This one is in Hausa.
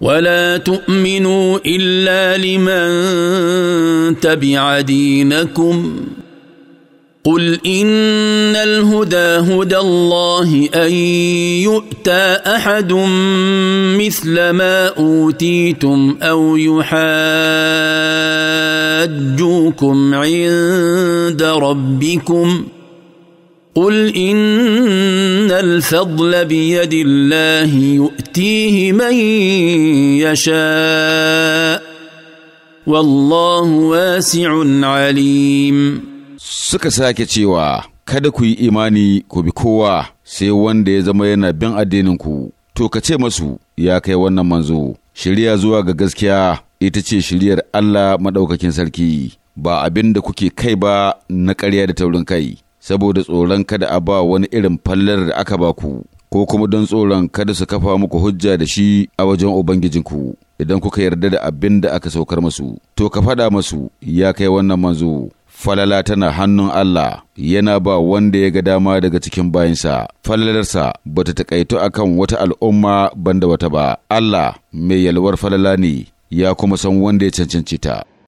ولا تؤمنوا الا لمن تبع دينكم قل ان الهدى هدى الله ان يؤتى احد مثل ما اوتيتم او يحاجوكم عند ربكم قل ان إن الفضل بيد الله يؤتيه من يشاء والله واسع عليم suka sake cewa kada ku yi imani ku bi kowa sai wanda ya zama yana bin addininku to ka ce masu ya kai wannan manzo shirya zuwa ga gaskiya ita ce shiryar Allah maɗaukakin sarki ba abin da kuke kai ba na ƙarya da taurin kai saboda tsoron kada a ba wani irin fallar da aka ba ku ko kuma don tsoron kada su kafa muku hujja da shi a wajen ubangijinku idan kuka yarda da abin da aka saukar masu to ka faɗa masu ya kai wannan manzo falala tana hannun Allah yana ba wanda ya ga dama daga cikin bayansa, falalarsa ba ta taƙaito a kan wata al'umma banda wata ba, Allah mai yalwar falala ne ya kuma san wanda ya cancanci ta.